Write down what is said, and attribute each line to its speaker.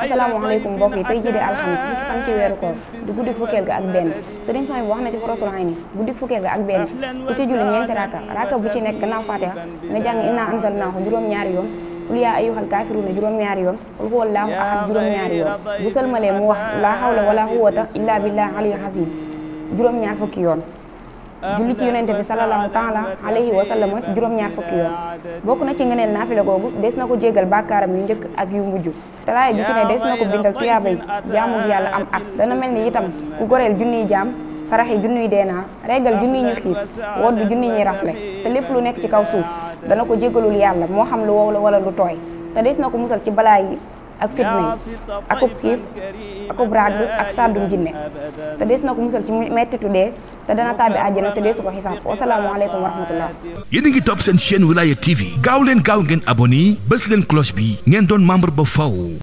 Speaker 1: asalaamaaleykum mbokk yi tey jii de alxames fukki ah, fan ci weeru koor di guddik fukkeel ga ak benn sëriñ Sohaybu wax na ci xuratul ayni guddik fukkeel ga ak benn ku ci julli ñeenti raaka raaka bu ci nekk gannaaw fatiha nga jàng innaa anzalnaahu juróom-ñaari yoon qul yaa ayyuhal kaafiruuna juróom-ñaari yoon qul huwallaahu ahad juróom-ñaari yoon bu sëlmalee mu wax laa hawla wala quwwata illaa billaahil aliyyil aziim juróom-ñaar fukki yoon julli ci yonente bi salallaahu taala alayhi wa sallam juróom-ñaar fukki yoon bokk na ci ngeneen naafila googu des na ko jégal bàkkaaram yu njëkk ak yu mujj talaay ju ci ne des na ko bindal tuyaaba yi yàlla am at dana mel ni itam ku goreel junniy jaam saraxi junniy deenaa regal junniy ñu xiif wodd junniy ñi rafle te lépp lu nekk ci kaw suuf dana ko jégalul yàlla moo xam lu wow la wala lu tooy te des na ko musal ci balaa yi ak fitna yi akub xiif akub ràgg ak sàddum jinne te dees na ko musal ci mettitu dee te dana tàbbi àjjana te deesu ko xisaab wasalaamualeykum wa rahmatullah
Speaker 2: yéen a ngi topp seen chaîne Wilaya TV gaaw leen gaaw ngeen abonné bés leen cloche bi ngeen doon membre ba faw